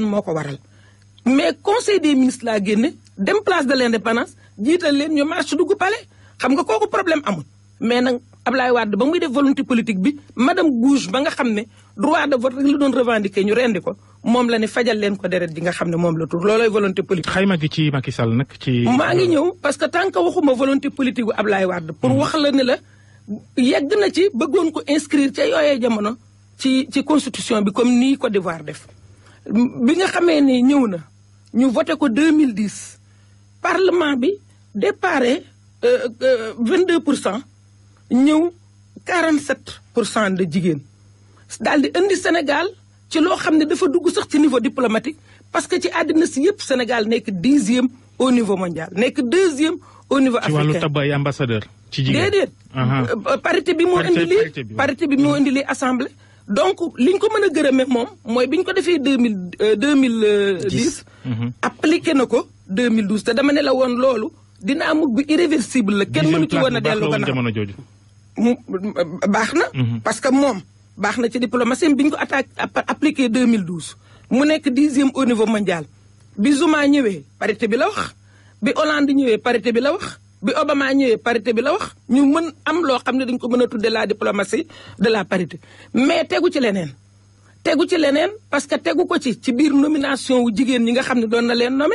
an moo ko waral mais conseil des ministres laa génne dem place de l' indépendance jiital leen ñu marche dugg palais xam nga kooku problème amul mais nag Ablaye Wade ba muy def volonté politique bi madame Gouge ba nga xam ne droit de vote rek la doon revendiquer ñu rendi ko moom la ne fajal leen ko deret ji nga xam ne moom la tur loolooy volonté politique. xayma gi ci Macky Sall nag ci. maa ngi ñëw parce que tant que waxuma volonté politique bu Ablaye Wade. pour mm-hmm. wax la ne la yegg na ci bëggoon ko inscrire ca yooyee jamono ci ci constitution bi comme nii Côte d'Ivoire def. bi nga xamee ne ñëw na ñu voté ko 2010 parlement bi déparé 22 euh, euh, pour cent ñëw 47 pour cent de jigéen daal di indi Sénégal ci loo xam ne dafa dugg sax ci niveau diplomatique parce que ci àddina si yëpp Sénégal nekk dixième au niveau mondial nekk deuxième au niveau africain ci wàllu ci jigéen déedéet euh, parité bi moo indi lii parité bi moo indi lii assemblée donc li ñu ko mën a gërëme moom mooy bi ñu ko defee deux mille euh, deux mille euh, dix mhm. appliqué na ko deux mille douze te dama ne la woon loolu dina amug bi irréversible la kenn mënu ci woon a dellu ko jamono jooju mu baax na mhm. parce que moom baax na ci diplomatie bi ñu ko attaque appliqué deux mille douze mu nekk dixième au niveau mondial bi Zuma ñëwee parité bi la wax bi Hollande ñëwee parité bi la wax bi Obama ñëwee parité bi la wax ñu mën am loo xam ne dañ ko mën a tudde la diplomatie de la parité mais tegu ci leneen tegu ci leneen parce que tegu ko ci ci biir nomination wu jigéen ñi nga xam ne doon na leen nommé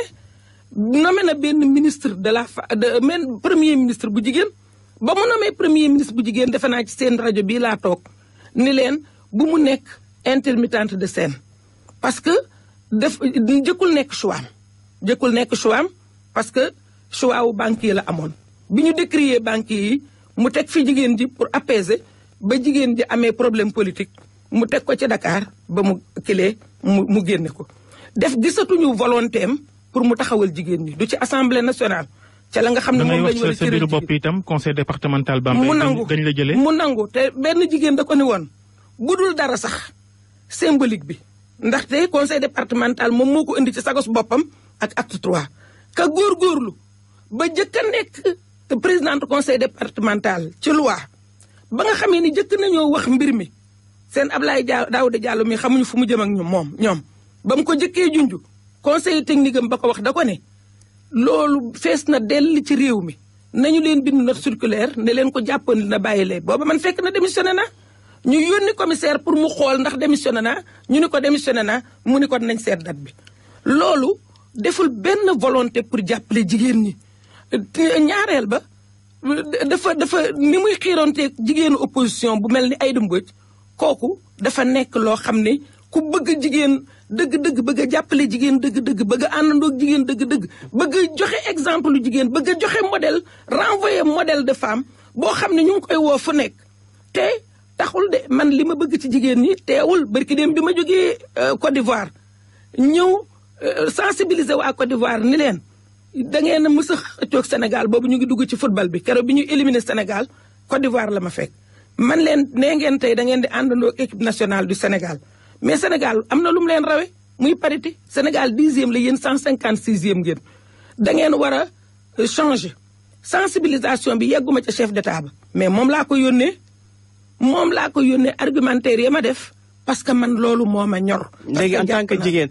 nommé na benn ministre de la fa de même premier ministre bu jigéen ba mu nommé premier ministre bu jigéen defe naa ci seen rajo bi laa toog ni leen bu mu nekk intermittente de scène parce que def jëkkul nekk choix jëkkul nekk choix am choix wu banques yi la amoon bi ñu décrier banque yi mu teg fi jigéen ji pour apaiser ba jigéen ji amee problème politique mu teg ko ci Dakar ba mu kilee mu mu génne ko def gisatuñu volonté am pour mu taxawal jigéen ñi du ci assemblée nationale ca la nga xam ne moom lañu war a cëral bopp itam conseil départemental Bambey mu nangu dañ la jëlee mu nangu te benn jigéen da ko ni woon bu dara sax symbolique bi ndaxte conseil départemental moom moo ko indi ci sagos boppam ak acte trois ka góorgóorlu ba jëkk a nekk présidente conseil départemental ci loi ba nga xamee ni jëkk nañoo wax mbir mi seen ab Ablaye Daouda jàll mi xamuñu fu mu jëm ak ñoom moom ñoom ba mu ko jëkkee junj conseil technique am ba ko wax da ko ne loolu fees na dell ci réew mi nañu leen bind na circulaire ne leen ko jàppandi na bàyyi leen booba man fekk na démissionné na ñu yónni commissaire pour mu xool ndax démissionné na ñu ni ko démissionné na mu ni ko nañ seet date bi loolu deful benn volonté pour jàppale jigéen ñi ñaareel ba dafa dafa ni muy xiironte jigéenu opposition bu mel ni Aïda Mbodj kooku dafa nekk loo xam ne ku bëgg jigéen dëgg-dëgg bëgg a jàppale jigéen dëgg-dëgg bëgg a àndandoog jigéen dëgg-dëgg bëgg joxe exemple lu jigéen bëgg a joxe modèle renvoyer modèle de femme boo xam ne ñu ngi koy woo fu nekk te taxul de man li ma bëgg ci jigéen ñi teewul barki dem bi ma jógee euh, Côte d'Ivoire ñëw euh, sensibiliser waa Côte d'Ivoire ni leen da ngeen a mës a xëccoog Sénégal boobu ñu ngi dugg ci football bi keroog bi ñu éliminé Sénégal Côte d'Ivoire la ma fekk. man leen nee ngeen tey da ngeen di àndandoo équipe nationale du Sénégal mais Sénégal am na lu mu leen rawe muy parité Sénégal dixième la yéen cent cinquante sixième ngeen dangeen ngeen war a euh, changer sensibilisation bi yegguma ca chef d'état ba mais moom laa ko yónnee moom laa ko yónnee argumentaire ya ma def parce que man loolu moom ma ñor. léegi en tant que jigéen.